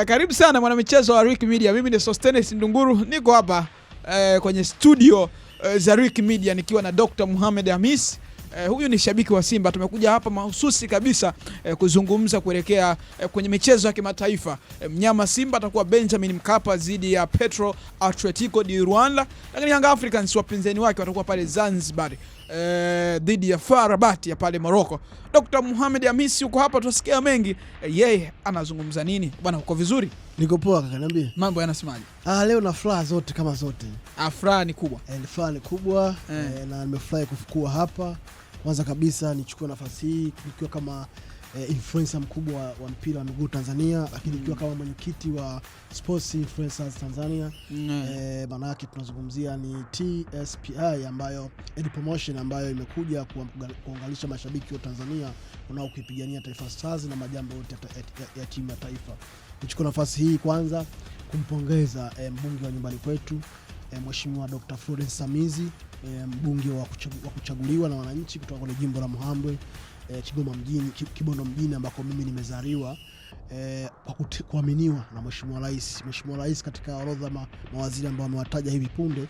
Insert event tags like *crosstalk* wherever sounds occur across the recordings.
Eh, karibu sana mwanamichezo wa Rick Media. Mimi ni Sostenes Ndunguru, niko hapa eh, kwenye studio eh, za Rick Media nikiwa na Dr. Mohamed Hamis. Eh, huyu ni shabiki wa Simba. Tumekuja hapa mahususi kabisa eh, kuzungumza kuelekea eh, kwenye michezo ya kimataifa. eh, mnyama Simba atakuwa Benjamin Mkapa dhidi ya Petro Atletico di Rwanda, lakini Young Africans wapinzani wake watakuwa pale Zanzibar. Eh, dhidi ya FAR Rabat ya pale Morocco. Dr. Mohamed Hamisi uko hapa, tutasikia mengi eh, yeye anazungumza nini. Bwana, uko vizuri? Niko poa kaka, niambie mambo yanasemaje? Ah, leo na furaha zote kama zote. Ah, furaha ni kubwa. Eh, furaha ni kubwa eh. Eh, na nimefurahi kufukua hapa. Kwanza kabisa nichukue nafasi hii nikiwa kama eh, influencer mkubwa wa, wa mpira wa miguu Tanzania, lakini ikiwa mm. kama mwenyekiti wa Sports Influencers Tanzania mm. eh, eh maana yake tunazungumzia ni TSPI ambayo Ed Promotion ambayo imekuja kuunganisha mashabiki wa Tanzania wanaokuipigania Taifa Stars na majambo yote ya timu ya taifa. Nichukua nafasi hii kwanza kumpongeza eh, mbunge wa nyumbani kwetu e, Mheshimiwa Dr. Florence Samizi e, mbunge wa, kuchaguliwa na wananchi kutoka kwenye jimbo la Muhambwe e, Kigoma mjini, Kibondo mjini ambako mimi nimezaliwa e, kwa kuaminiwa na Mheshimiwa Rais. Mheshimiwa Rais katika orodha ma, mawaziri ambao amewataja hivi punde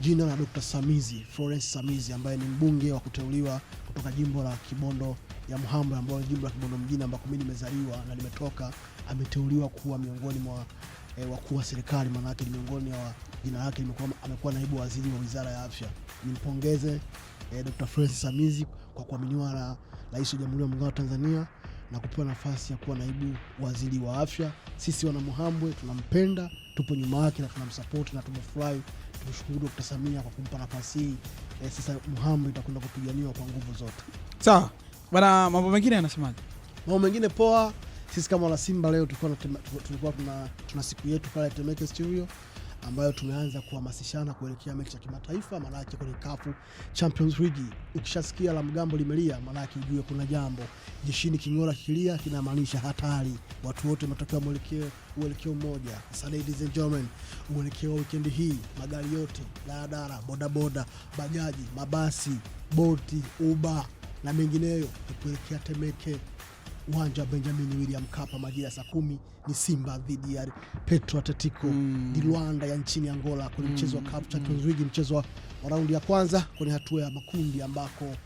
jina la Dr. Samizi Florence Samizi ambaye ni mbunge wa kuteuliwa kutoka jimbo la Kibondo ya Muhambwe ambao ni jimbo la Kibondo mjini ambako mimi nimezaliwa na nimetoka, ameteuliwa kuwa miongoni mwa e, wakuu wa serikali, maanake ni miongoni wa, jina lake limekuwa, amekuwa naibu waziri wa wizara ya afya. Nimpongeze eh, Dr. Francis Samizi kwa kuaminiwa na Rais wa Jamhuri ya Muungano wa Tanzania na kupewa nafasi ya kuwa naibu waziri wa afya. Sisi wana Muhambwe tunampenda, tupo nyuma yake na tunamsapoti na tumefurahi. Tumshukuru Dr. Samia kwa kumpa nafasi hii. Eh, sasa Muhambwe itakwenda kupiganiwa kwa nguvu zote. Sawa bana, mambo mengine yanasemaje? Mambo mengine poa. Sisi kama wana Simba leo tulikuwa tuna, tuna siku yetu pale Temeke Studio ambayo tumeanza kuhamasishana kuelekea mechi za kimataifa, maanake kwenye kafu Champions League ukishasikia la mgambo limelia, maanake ujue kuna jambo jeshini. kingora kikilia kinamaanisha hatari, watu wote matokeo mwelekeo uelekeo mmoja. Sasa ladies and gentlemen, uelekeo wa wikendi hii, magari yote, daladala, bodaboda, bajaji, mabasi, boti, uba na mengineyo ni kuelekea Temeke uwanja wa Benjamin William Mkapa majira ya saa kumi ni Simba dhidi ya Petro Atletico mm. di Luanda ya nchini Angola kwenye mm. mchezo wa CAF Champions mm. League, mchezo wa raundi ya kwanza kwenye hatua ya makundi ambako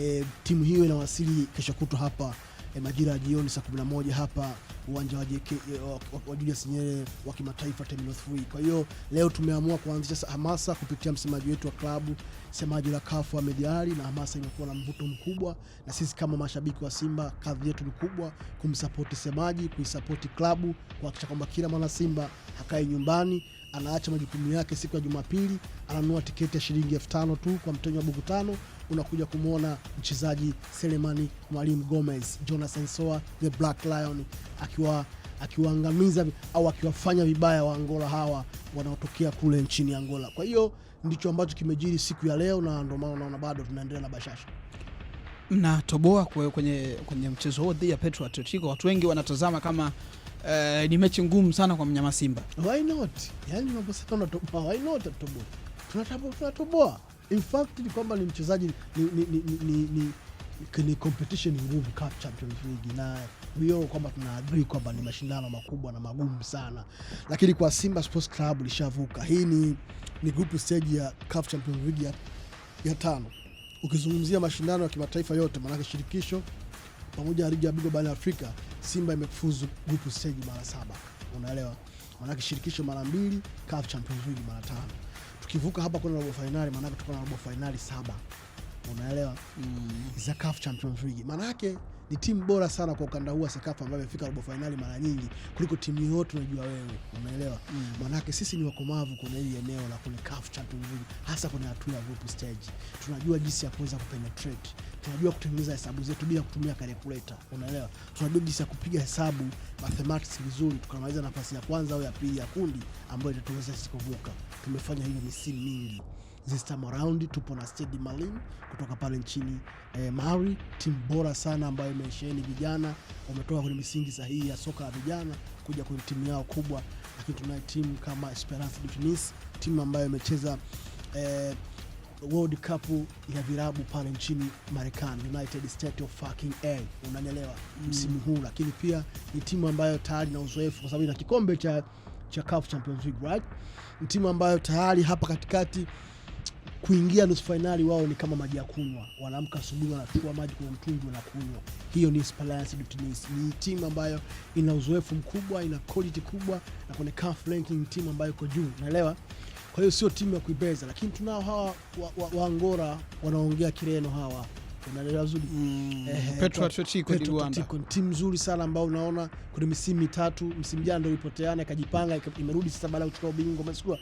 eh, timu hiyo inawasili kesho kutwa hapa eh, majira ya jioni saa 11 hapa uwanja wa JK eh, wa Julius Nyerere wa kimataifa Terminal 3. Kwa hiyo leo tumeamua kuanzisha hamasa kupitia msemaji wetu wa klabu, msemaji la CAF Ahmed Ally, na hamasa imekuwa na mvuto mkubwa, na sisi kama mashabiki wa Simba kazi yetu ni kubwa kumsapoti semaji, kuisapoti klabu, kuhakikisha kwamba kila mwana Simba hakae nyumbani anaacha majukumu yake siku ya Jumapili, ananunua tiketi ya shilingi elfu tano tu kwa mtenyo wa buku tano, unakuja kumwona mchezaji Selemani Mwalimu Gomez, Jonathan Soa the Black Lion akiwa akiwaangamiza au akiwafanya vibaya wa Angola hawa wanaotokea kule nchini Angola. Kwa hiyo ndicho ambacho kimejiri siku ya leo, na ndio maana unaona bado tunaendelea na bashasha mnatoboa kwenye, kwenye mchezo huo dhidi ya Petro Atletico. Watu wengi wanatazama kama Eh, ni mechi ngumu sana kwa mnyama Simba. Why not? Yaani unaposema unatoboa, why not atoboa? Tunatoboa, tunatoboa. In fact ni kwamba ni mchezaji ni, ni, ni, ni, ni ni competition ngumu Cup Champions League, na hiyo kwamba tuna agree kwamba ni mashindano makubwa na magumu sana, lakini kwa Simba Sports Club lishavuka. Hii ni, ni group stage ya Cup Champions League ya, ya tano. Ukizungumzia mashindano ya kimataifa yote, maanake shirikisho pamoja na ligi ya bingwa barani Afrika Simba imefuzu group stage mara saba, unaelewa? Maanake shirikisho mara mbili, CAF Champions League mara tano. Tukivuka hapa kwenda robo fainali, maanake tuko na robo fainali saba, unaelewa? Mm. za CAF Champions League maanake ni timu bora sana kwa ukanda huu wa Sekafa ambayo imefika robo fainali mara nyingi kuliko timu yoyote unajua wewe, umeelewa? mm. Maanake sisi ni wakomavu kwenye hili eneo la kwenye kafu Champions League, hasa kwenye hatua ya group stage. Tunajua jinsi ya kuweza kupenetrate, tunajua kutengeneza hesabu zetu bila kutumia calculator, unaelewa? Tunajua jinsi ya kupiga hesabu mathematics vizuri, tukamaliza nafasi ya kwanza au ya pili ya kundi ambayo itatuwezesha sisi kuvuka. Tumefanya hivi misimu mingi this time around tupo na Stade Malin kutoka pale nchini eh, Mali, timu bora sana ambayo imesheheni vijana, wametoka kwenye misingi sahihi ya soka la vijana kuja kwenye timu yao kubwa. Lakini tunayo timu kama Esperance de Tunis, timu ambayo imecheza eh, World Cup ya virabu pale nchini Marekani, United States of fucking A, unanielewa mm. msimu mm. huu. Lakini pia ni timu ambayo tayari na uzoefu kwa sababu ina kikombe cha cha CAF Champions League right, ni timu ambayo tayari hapa katikati kuingia nusu fainali wao ni kama maji ya kunywa, wanaamka asubuhi, wanachukua maji kwenye mtungi, wanakunywa. Hiyo ni Esperance de Tunis. Ni timu ambayo ina uzoefu mkubwa, ina quality kubwa, na kwenye CAF ranking timu ambayo iko juu, unaelewa. Kwa hiyo sio timu ya kuibeza, lakini tunao hawa wa, wa, wa Angola wanaongea Kireno hawa, unaelewa zuri mm, eh, Petro Atletico di Luanda timu nzuri sana ambayo unaona kuna misimu mitatu, msimu jana ndio ipoteana, ikajipanga, imerudi sasa baada ya kuchukua ubingwa, umesikia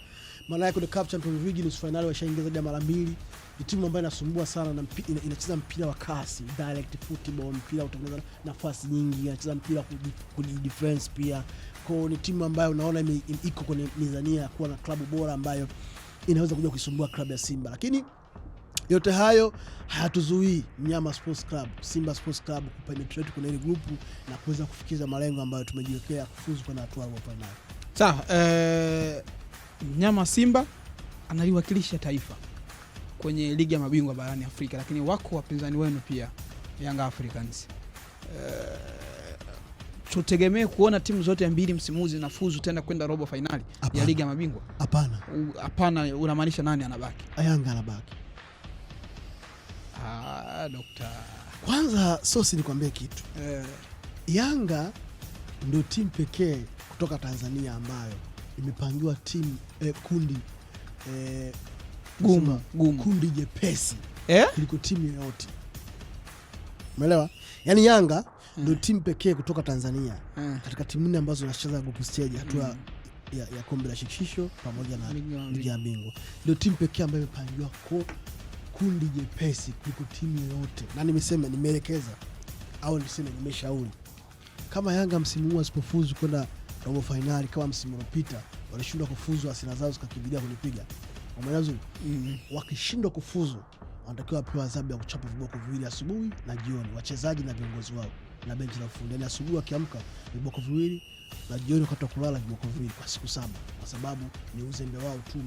maana yake the Cup Champions League nusu finali washaingiza jamaa ya mara mbili. Ni timu ambayo inasumbua sana na mpi, ina, inacheza mpira wa kasi, direct football, mpira utengeneza nafasi nyingi, inacheza mpira defense pia. Kwa hiyo ni timu ambayo unaona iko kwenye mizania kuwa na klabu bora ambayo inaweza kuja kuisumbua klabu ya Simba lakini yote hayo hayatuzuii Mnyama Sports Club, Simba Sports Club kupenetrate kwenye ile grupu na kuweza kufikiza malengo ambayo tumejiwekea kufuzu kwenye hatua ya robo fainali. Sawa, eh mnyama Simba analiwakilisha taifa kwenye ligi ya mabingwa barani Afrika, lakini wako wapinzani wenu pia yanga Africans. Uh, tutegemee kuona timu zote mbili msimu huu zinafuzu tena kwenda robo fainali ya ligi ya mabingwa? Hapana, hapana. Unamaanisha nani anabaki? Yanga anabaki. Ah, dokta, kwanza sosi, nikuambie kitu uh, Yanga ndio timu pekee kutoka Tanzania ambayo imepangiwa tim eh, kundi eh, guma, guma, kundi jepesi eh? kuliko timu yoyote umeelewa? Yaani Yanga mm. ndio timu pekee kutoka Tanzania mm. katika timu nne ambazo nacheza group hatua mm. ya, ya kombe la shirikisho pamoja na ligi ya bingwa, ndio timu pekee ambayo imepangiwa ko kundi jepesi kuliko timu yoyote, na nimesema, nimeelekeza au niseme, nimeshauri kama Yanga msimu huu asipofuzu kwenda robo fainali kama msimu uliopita walishindwa kufuzu, hasira zao zikakimbilia kunipiga Manazuri mm -hmm. Wakishindwa kufuzu wanatakiwa wapewa adhabu ya kuchapa viboko viwili asubuhi na jioni, wachezaji na viongozi wao na benchi la ufundi. Yani asubuhi wakiamka viboko viwili na jioni wakati wa kulala viboko viwili kwa siku saba, kwa sababu ni uzembe wao tu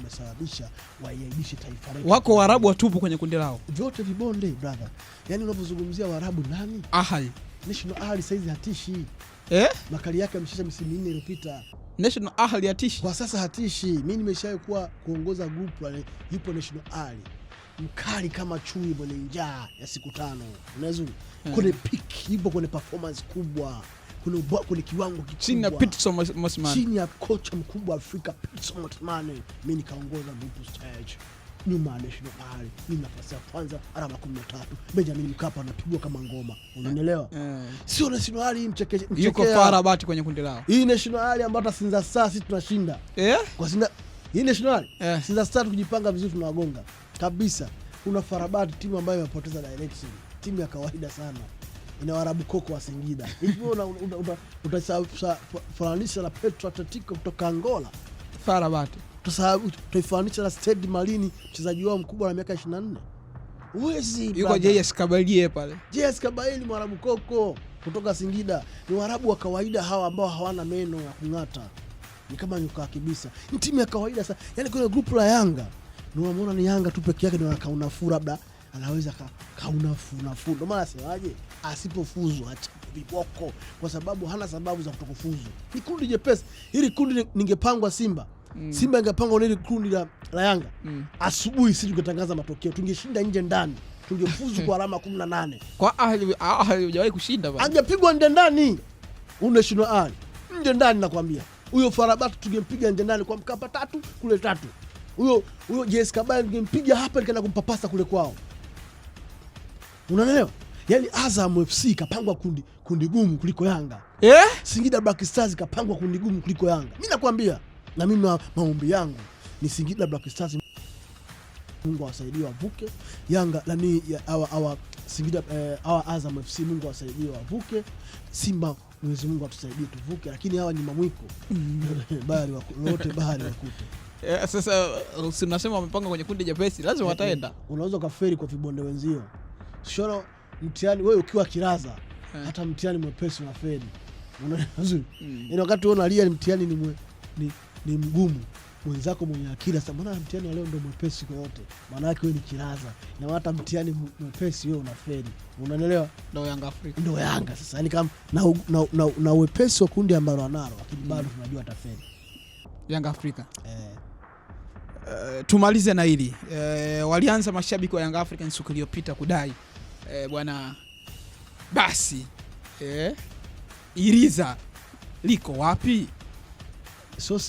umesababisha waiaibishe taifa letu. Wako Waarabu watupu kwenye kundi lao, vyote vibonde brother. Yani unavyozungumzia Waarabu nani? Ahali National Ahali saizi hatishi eh? Makali yake ameshasha misimu minne iliyopita. National Ahli hatishi kwa sasa, hatishi. Mimi nimeshawahi kuwa kuongoza group wale, yupo National Ahli mkali kama chui mwenye njaa ya siku tano, unaweza hmm. Eh. kwenye peak, yupo kwenye performance kubwa kwenye ubwa kwenye kiwango kikubwa, chini ya Pitso Mosimane, chini ya kocha mkubwa Afrika Pitso Mosimane. Mimi nikaongoza group stage nyuma anashindwa pale, ni nafasi ya kwanza, alama kumi na tatu. Benjamin Mkapa anapigwa kama ngoma, unanielewa? Eh, eh. Sio national hali mchekesha, yuko fara kwenye kundi lao. Hii national hali ambayo hata Sinza saa sisi tunashinda yeah. kwa Sinza hii national hali yeah. Sinza saa tukijipanga vizuri tunawagonga kabisa. Kuna farabati timu ambayo imepoteza direction, timu ya kawaida sana ina Warabu koko wa Singida *laughs* hivyo utasafananisha na Petro Atletico kutoka Angola farabati tutaifanisha na Stade Malini, mchezaji wao mkubwa na miaka 24. Huwezi. Yuko JS Kabalie pale. JS Kabalie ni Mwarabu koko kutoka Singida, ni Waarabu wa kawaida hawa ambao hawana meno ya kung'ata, ni kama nyuka kabisa, ni timu ya kawaida sana. Yani kwenye grupu la Yanga niwamwona ni Yanga tu peke yake ndio akaunafuu, labda anaweza kaunafunafuu. Ndio maana asemaje, asipofuzwa viboko, kwa sababu hana sababu za kutokufuzu. Ni kundi jepesi hili kundi, ningepangwa Simba mm. Simba ingepangwa na ile kundi la, la Yanga mm. asubuhi sisi tungetangaza matokeo, tungeshinda nje ndani, tungefuzu kwa alama 18. Kwa Ahli Ahli hujawahi kushinda bwana, angepigwa nje ndani, unashindwa Ahli nje ndani, nakwambia huyo Farabat tungempiga nje ndani kwa Mkapa tatu kule tatu, huyo huyo JS Kabale tungempiga hapa nikaenda kumpapasa kule kwao, unaelewa? Yaani Azam FC kapangwa kundi kundi gumu kuliko Yanga eh? Singida Black Stars kapangwa kundi gumu kuliko Yanga, mi nakwambia na mimi ma, maombi yangu ni Singida Black Stars, Mungu awasaidie wavuke. Yanga nani awa, awa Singida eh, awa Azam FC, Mungu awasaidie wavuke. Simba Mwenyezi Mungu atusaidie tuvuke, lakini hawa ni mamwiko mm. *laughs* bahari wote bahari wakute Yeah, *laughs* sasa uh, si unasema wamepanga kwenye kundi jepesi, lazima eh, wataenda. Yeah, Unaweza ukaferi kwa vibonde wenzio shona mtihani, wewe ukiwa kiraza yeah. Hata mtihani mwepesi unaferi, *laughs* unaona vizuri mm. Yaani wakati wewe unalia mtihani ni, mwe, ni ni mgumu, mwenzako mwenye akili sasa, mbona mtihani wa leo mwepesi kwa wote? Maana yake wewe ni kiraza na hata mtihani mwepesi wewe unafeli, unanielewa? Ndio Yanga Afrika, Yanga sasa, yani kama na, na, na, na wepesi wa kundi ambalo analo, lakini bado mm, tunajua atafeli Yanga Afrika eh. Uh, tumalize na hili uh, walianza mashabiki wa Yanga Africans siku iliyopita kudai uh, bwana basi uh, iriza liko wapi?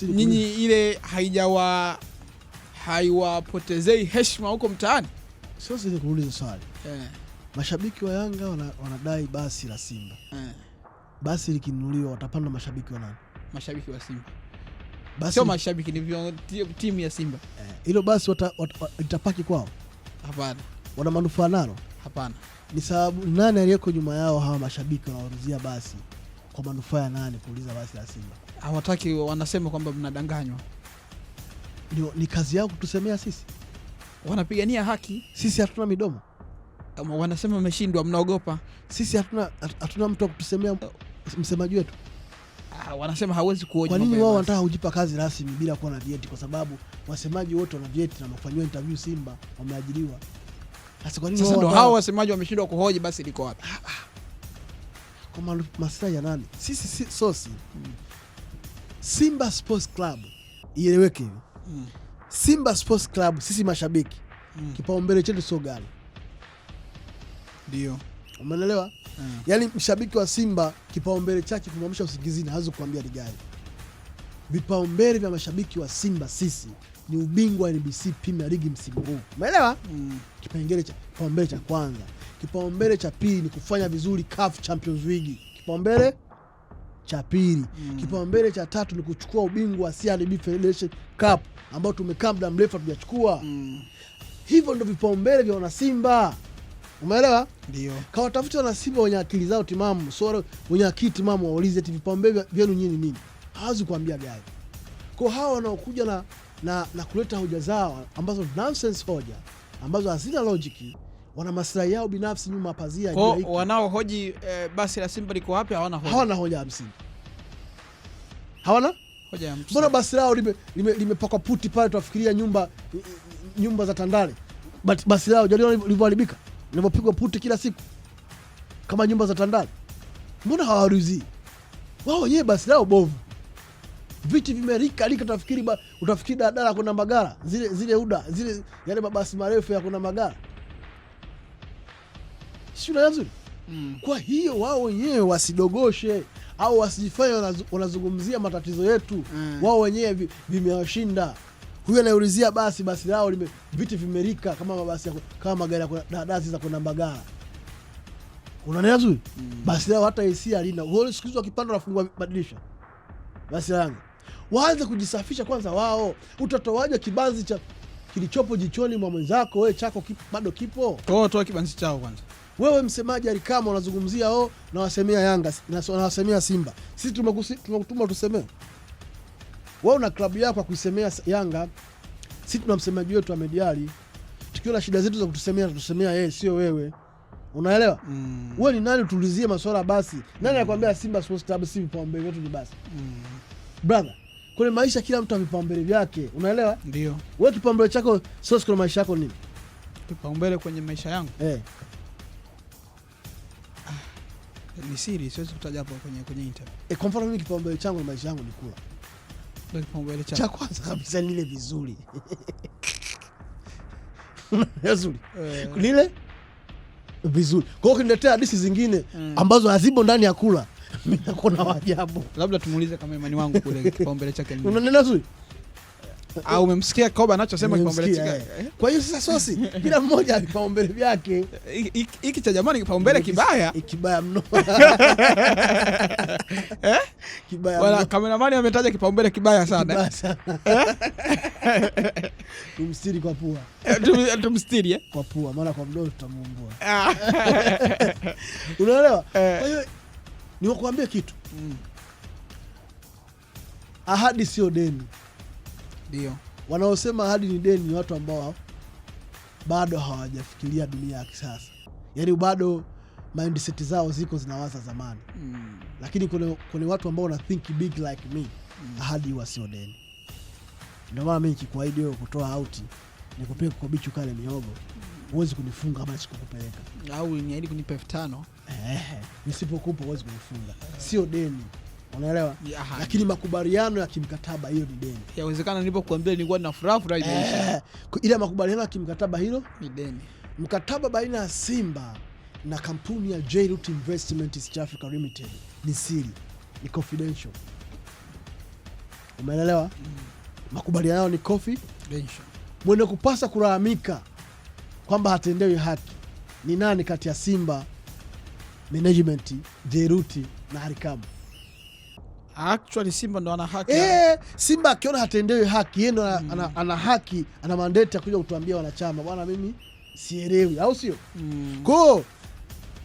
nyinyi ile haijawa haiwapotezei heshima huko mtaani. Sio sisi kuuliza swali eh. Mashabiki wa Yanga wana, wanadai basi la Simba eh. Basi likinunuliwa watapanda mashabiki wana Mashabiki wa Simba basi sio mashabiki, ni timu ya Simba eh, hilo Basi litapaki kwao? Hapana. Wana manufaa nalo? Hapana. Ni sababu nani aliyeko nyuma yao hawa mashabiki wanaoruzia basi kwa manufaa ya nani kuuliza basi la Simba? Hawataki, wanasema kwamba mnadanganywa. Ni, ni kazi yao kutusemea sisi, wanapigania haki. Sisi hatuna midomo. Wanasema mmeshindwa, mnaogopa. Sisi hatuna hatuna mtu wa kutusemea msemaji wetu. Ah, wanasema hawezi kuoje. Kwa nini wao wanataka kujipa kazi rasmi bila kuwa na vyeti? Kwa sababu wasemaji wote wana vyeti na wamefanyiwa interview Simba, wameajiriwa. Sasa kwa nini sasa hao wasemaji wameshindwa kuhoji? Basi liko wapi? Ah, ah kwa maslahi ya nani? Sisi si, sosi mm. Simba Sports Club ieleweke hivi mm. Simba Sports Club sisi mashabiki mm. kipaumbele chetu sio gari, ndio umeelewa? mm. Yaani mshabiki wa Simba kipaumbele chake kumwamsha usingizini, hawezi kuambia ni gari. Vipaumbele vya mashabiki wa Simba sisi ni ubingwa wa NBC Premier League msimu huu, umeelewa? mm. kipengele cha kipaumbele cha kwanza Kipaumbele cha pili ni kufanya vizuri CAF Champions League, kipaumbele cha pili mm. Kipaumbele cha tatu ni kuchukua ubingwa wa CRDB Federation Cup ambao tumekaa muda mrefu hatujachukua mm. Hivyo ndo vipaumbele vya wanasimba, umeelewa? Ndio kawatafuta wanasimba wenye akili zao timamu, sio wenye akili timamu, waulize ati vipaumbele vyenu nyinyi nini? Hawezi kuambia gani kwa hawa wanaokuja na, na, na kuleta hoja zao ambazo nonsense, hoja ambazo hazina logic wana maslahi yao binafsi nyuma pazia. Kwa wanaohoji e, basi la Simba liko wapi? Hawana hoja, hawana hoja ya msingi, hawana hoja ya msingi. Mbona basi lao limepakwa lime, lime, puti pale, tunafikiria nyumba nyumba za Tandale, But, basi lao jali lilivyoharibika, linavyopigwa puti kila siku kama nyumba za Tandale. Mbona hawaruzii wao yeye Basi lao bovu, viti vimerika lika, utafikiri utafikiri daladala kuna magara zile zile uda zile yale mabasi marefu ya kuna magara si unaelewa vizuri mm. Kwa hiyo wao wenyewe wasidogoshe au wasijifanye wanazungumzia matatizo yetu mm. Wao wenyewe vimewashinda huyu anayeulizia basi, basi lao lime, viti vimerika kama mabasi ya, kama magari ya dadasi za kwenda Mbagala, unaelewa vizuri mm. Basi lao hata hisia halina, siku hizi wakipanda wanafungua madirisha basi langa waanze kujisafisha kwanza. Wao utatoaje kibanzi cha kilichopo jichoni mwa mwenzako wewe chako kipo, bado kipo. Toa toa kibanzi chao kwanza. Wewe msemaji alikama unazungumzia o, nawasemea Yanga, nawasemea Simba, sisi tumekutuma tusemee? Wewe una klabu yako ya kuisemea Yanga, si tuna msemaji wetu amediali. Tukiwa na shida zetu za kutusemea, tusemea yeye, sio wewe. Unaelewa? Mm. we ni nani utulizie maswala basi? Nani mm. mm. Simba Sports si vipaumbele vyetu ni basi? Mm. Brother, kwenye maisha kila mtu avipaumbele vyake. Unaelewa? Ndio. we kipaumbele chako sio kwenye maisha yako nini? Kipaumbele kwenye maisha yangu. Eh ni siri, siwezi kutaja hapo kwenye kwenye interview. E, eh, kwa mfano mimi kipaumbele changu na maisha yangu ni kula, ndio kipaumbele changu cha kwanza kabisa, nile vizuri *laughs* Nzuri. Eh. nile vizuri. Kwa hiyo ukiniletea hadithi zingine mm. ambazo hazibo ndani ya kula, *laughs* mimi nakuwa na wajabu. Labda tumuulize kama imani wangu kule *laughs* kipaumbele chake nini. Unaendelea vizuri *laughs* au umemsikia Koba anachosema kipaumbele chake. Eh. Kwa hiyo sasa sosi, *laughs* kila mmoja ana vipaumbele vyake. Hiki cha jamani kipaumbele kibaya, kibaya mno *laughs* eh, kibaya wala kameramani ametaja kipaumbele kibaya sana eh, tumstiri kwa pua, eh, tumstiri eh, kwa pua, maana kwa mdomo tutamuumbua, ah. unaelewa? Eh. Kwa hiyo niwakuambia kitu, mm. ahadi sio deni. Ndio wanaosema hadi ni deni ni watu ambao bado hawajafikiria dunia ya kisasa, yaani bado mindset zao ziko zinawaza zamani mm. Lakini kuna watu ambao wana think big like me mm. Ahadi huwa sio deni. Ndio maana mimi nikikuahidi wewe kutoa auti nikupeleke kwa bichu kale miogo huwezi kunifunga machi kukupeleka, au niahidi kunipa elfu tano eh, nisipokupa huwezi kunifunga, sio deni unaelewa yeah, lakini makubaliano ya kimkataba hiyo ni deni. Yawezekana nilipokuambia nilikuwa na furaha furaha eh, ila makubaliano ya kimkataba hilo ni deni. Mkataba baina ya Simba na kampuni ya J-Root Investment East Africa Limited ni siri, ni confidential. Umeelewa? mm. Makubaliano yao ni confidential. Mwenye kupasa kulalamika kwamba hatendewi haki ni nani kati ya Simba Management, jeruti na harikabu Actually Simba ndo ana haki eh, Simba akiona hatendewi haki yeye ndo mm. ana, ana haki ana mandate ya kuja kutuambia wanachama, bwana mimi sielewi, au sio? mm. Kwao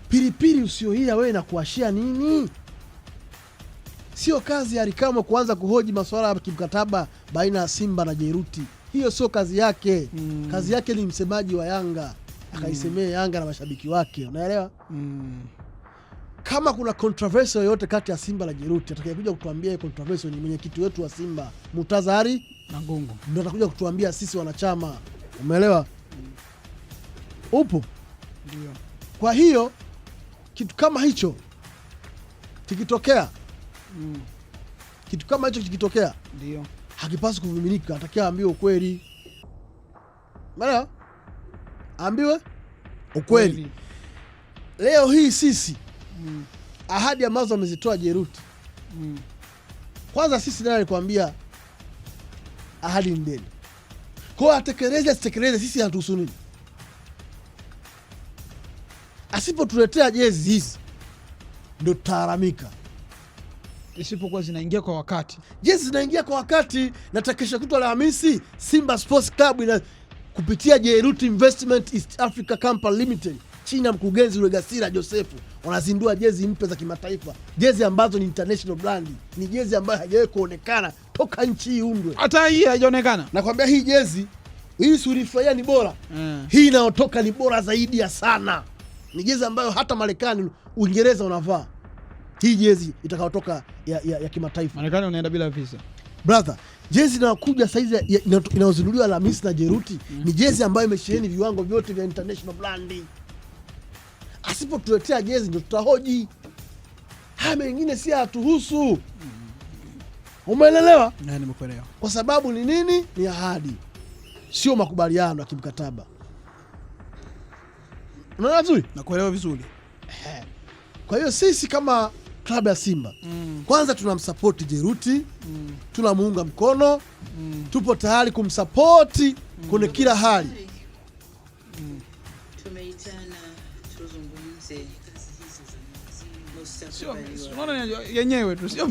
pilipili usioia wewe nakuashia nini? Sio kazi ya kuanza kuhoji masuala ya kimkataba baina ya Simba na Jeruti. Hiyo sio kazi yake mm. Kazi yake ni msemaji wa Yanga akaisemea mm. Yanga na mashabiki wake, unaelewa mm kama kuna kontroversi yoyote kati ya Simba na Jeruti, atakayekuja kutuambia hiyo kontroversi ni mwenyekiti wetu wa Simba Mutazari Mangungu, ndo atakuja kutuambia sisi wanachama. Umeelewa? Upo ndio. Kwa hiyo kitu kama hicho kikitokea mm. kitu kama hicho kikitokea ndio hakipaswi kuvumilika, atakia ambiwe ukweli. Umeelewa? Ambiwe ukweli. Leo hii sisi mm. ahadi ambazo amezitoa Jeruti mm. Kwanza sisi naye alikuambia ahadi ni deni? Kwao atekeleze asitekeleze, sisi hatuhusu nini? Asipotuletea jezi hizi ndo tutaaramika, isipokuwa zinaingia kwa wakati. Jezi zinaingia kwa wakati, na takesha kutwa Alhamisi Simba Sports Club ina kupitia Jeruti Investment East Africa campa Limited chini ya mkurugenzi Legasira Josefu wanazindua jezi mpya za kimataifa, jezi ambazo ni international brand, ni jezi ambayo haijawahi kuonekana toka nchi hii undwe. Hata hii haijaonekana, nakwambia hii jezi hii surifurahia ni bora mm. Hii inayotoka ni bora zaidi ya sana, ni jezi ambayo hata Marekani, Uingereza unavaa hii jezi itakayotoka ya, ya, ya kimataifa. Marekani unaenda bila visa brother. Jezi inayokuja saizi inayozinduliwa Alhamisi na Jeruti mm. ni jezi ambayo imesheheni viwango vyote vya international brand. Asipotuletea jezi ndio tutahoji. Haya mengine si hatuhusu. Umeelewa? Nimekuelewa. Kwa sababu ni nini? Ni ahadi, sio makubaliano ya kimkataba. Unaona vizuri? Nakuelewa vizuri. Kwa hiyo sisi kama klabu ya Simba mm. kwanza tunamsapoti Jeruti mm. tunamuunga mkono mm. tupo tayari kumsapoti mm. kwenye kila hali mm. sio, yenyewe tu sio